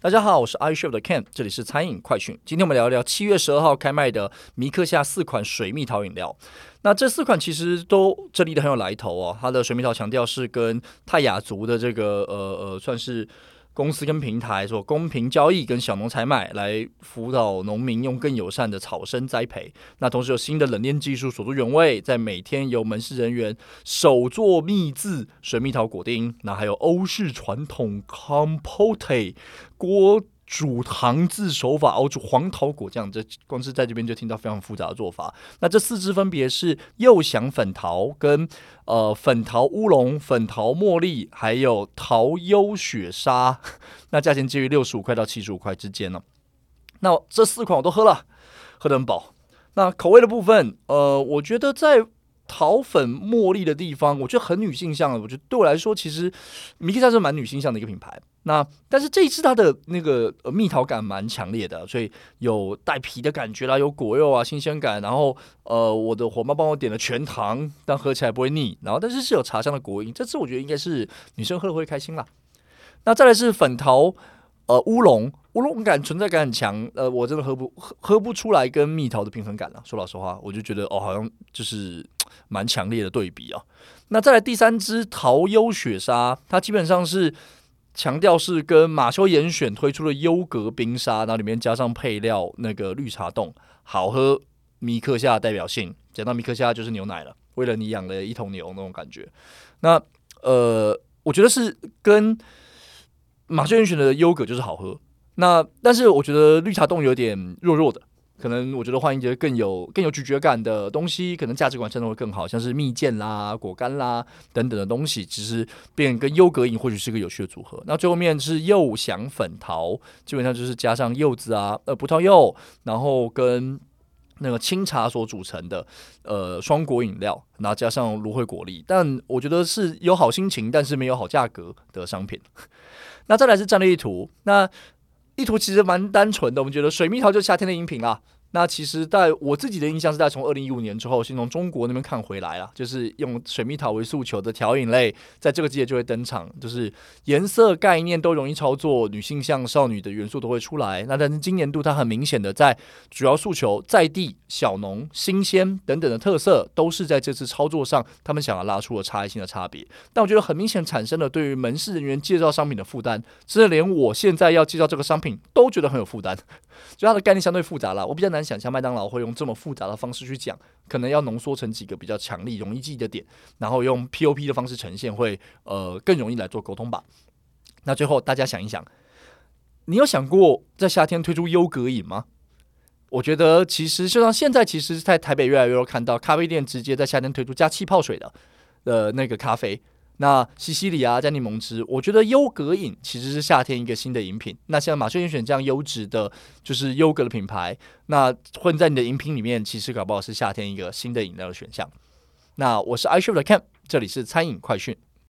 大家好，我是 iCHEF 的 Ken，這裡是餐飲快訊。今天我們聊一聊七月十二號開賣的迷客夏四款水蜜桃飲料。那這四款其實都真的很有來頭哦。它的水蜜桃強調是跟泰雅族的這個呃呃算是。公司跟平台做公平交易，跟小農採買來輔導農民用更友善的草生栽培。那同時有新的冷鏈技術鎖住原味，在每天由門市人員手作蜜漬水蜜桃果丁。那還有歐式傳統 compote 鍋。煮糖漬手法熬煮黃桃果醬，這光是在這邊就聽到非常複雜的做法。那這四支分別是柚香粉桃跟、跟呃粉桃烏龍、粉桃茉莉，還有桃優雪沙。那價錢介於六十五塊到七十五塊之間呢、哦。那這四款我都喝了，喝得很飽。那口味的部分，呃，我覺得在。桃粉茉莉的地方，我覺得很女性向。我覺得對我來說，其實迷客夏是蠻女性向的一個品牌。那但是這一次它的那個、呃、蜜桃感蠻強烈的，所以有帶皮的感覺啦，有果肉啊，新鮮感。然後呃，我的夥伴幫我點了全糖，但喝起來不會膩。然後但是是有茶香的果飲，這次我覺得應該是女生喝了會開心啦。那再來是粉桃呃烏龍，烏龍感存在感很強。呃，我真的喝不喝喝不出來跟蜜桃的平衡感了。說老實話，我就覺得哦，好像就是。蠻強烈的對比啊，哦！那再來第三支桃優雪沙，它基本上是強調是跟馬修嚴選推出的優格冰沙，然後裡面加上配料那個綠茶凍，好喝。迷客夏的代表性，講到迷客夏就是牛奶了，為了你養了一頭牛那種感覺。那呃，我覺得是跟馬修嚴選的優格就是好喝，那但是我覺得綠茶凍有點弱弱的。可能我覺得換一些更有更有咀嚼感的東西，可能價值觀認同會更好，像是蜜餞啦、果乾啦等等的東西，其實變跟優格飲或許是個有趣的組合。那最後面是柚香粉桃，基本上就是加上柚子啊、呃葡萄柚，然後跟那個清茶所組成的呃雙果飲料，然後加上蘆薈果粒，但我覺得是有好心情，但是沒有好價格的商品。那再來是戰略意圖，那。意圖其實蠻單純的，我們覺得水蜜桃就是夏天的飲品啊。那其實，在我自己的印象是在從二零一五年之後，先從中國那邊看回來啊，就是用水蜜桃為訴求的調飲類，在這個季節就會登場，就是顏色概念都容易操作，女性向少女的元素都會出來。那但是今年度它很明顯的在主要訴求在地小農新鮮等等的特色，都是在這次操作上，他們想要拉出了差異性的差別。但我覺得很明顯產生了對於門市人員介紹商品的負擔，甚至連我現在要介紹這個商品都覺得很有負擔，就它的概念相對複雜了，我比較難。但想象麥當勞會用這麼複雜的方式去講，可能要濃縮成幾個比較強力、容易記的點，然後用 POP 的方式呈現會，會呃更容易來做溝通吧。那最後大家想一想，你有想過在夏天推出優格飲嗎？我覺得其實就像現在，其實，在台北越來越多看到咖啡店直接在夏天推出加氣泡水的呃那個咖啡。那西西里啊，加檸檬汁，我覺得優格飲其實是夏天一個新的飲品。那像馬修嚴選這樣優質的，就是優格的品牌，那混在你的飲品裡面，其實搞不好是夏天一個新的飲料的選項。那我是 iCHEF 的 Ken，這裡是餐飲快訊。